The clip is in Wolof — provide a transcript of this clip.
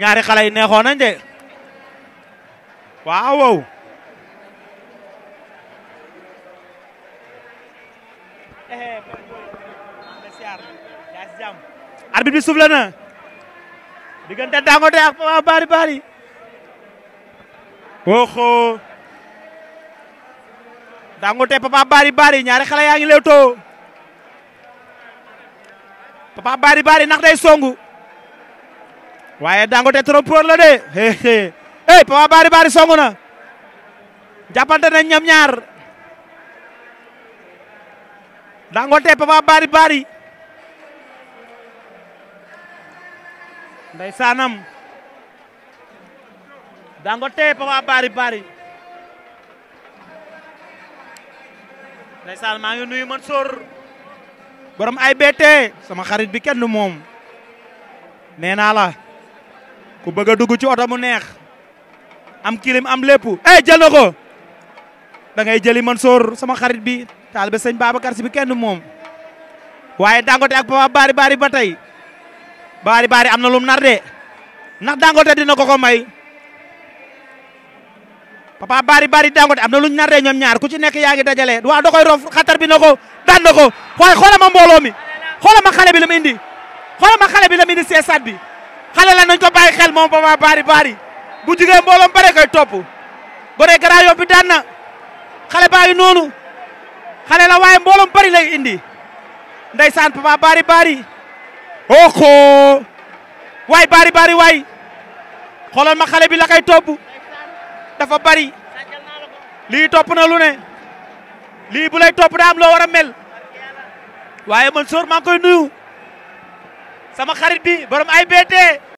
ñaari xale yi neexoon nañ de waaw wow arbitre bi soufflé na diggante Dangote ak Papa Bari Bari woxo Dangote Papa Bari Bari ñaari xale yaa ngi lewtoo Papa Bari Bari ndax day songu waaye Dangote te pour la de eh Papa Bari Bari songu na jàppante nañ ñoom ñaar Dangote Papa Bari Bari ndeysaanam Dangote Papa Bari Bari ndeysaan maa ngi nuyu Mansour borom ay bete sama xarit bi kenn moom nee naa la ku bëgg a dugg ci oto mu neex am kilim am lépp eh jël na ko da ngay jëli Mansour sama xarit bi taalibe sëñ Babacar si bi kenn moom waaye Dangote ak Papa Bari Bari ba tey Bari Bari am na lum nar de ndax Dangote dina ko ko may Papa Bari Bari Dangote am na luñ nar de ñoom ñaar ku ci nekk yaa ngi dajale waaw da rof xatar bi na ko daan ko waaye xoolal ma mbooloo mi xoolal ma xale bi la mu indi xoolal ma xale bi la indi seesaat bi. xale la nañ ko bàyyi xel moom Papa Bari Bari bu jugee mbooloom bare koy topp Gorée Grand bi daan na xale baa ngi noonu xale la waaye mbooloom bari lay indi ndeysaan Papa Bari Bari oxo waay Bari Bari waay xoolal ma xale bi la koy topp dafa bari lii topp na lu ne lii bu lay topp daa am loo war a mel waaye man sóor nuyu sama xarit bi borom ay BT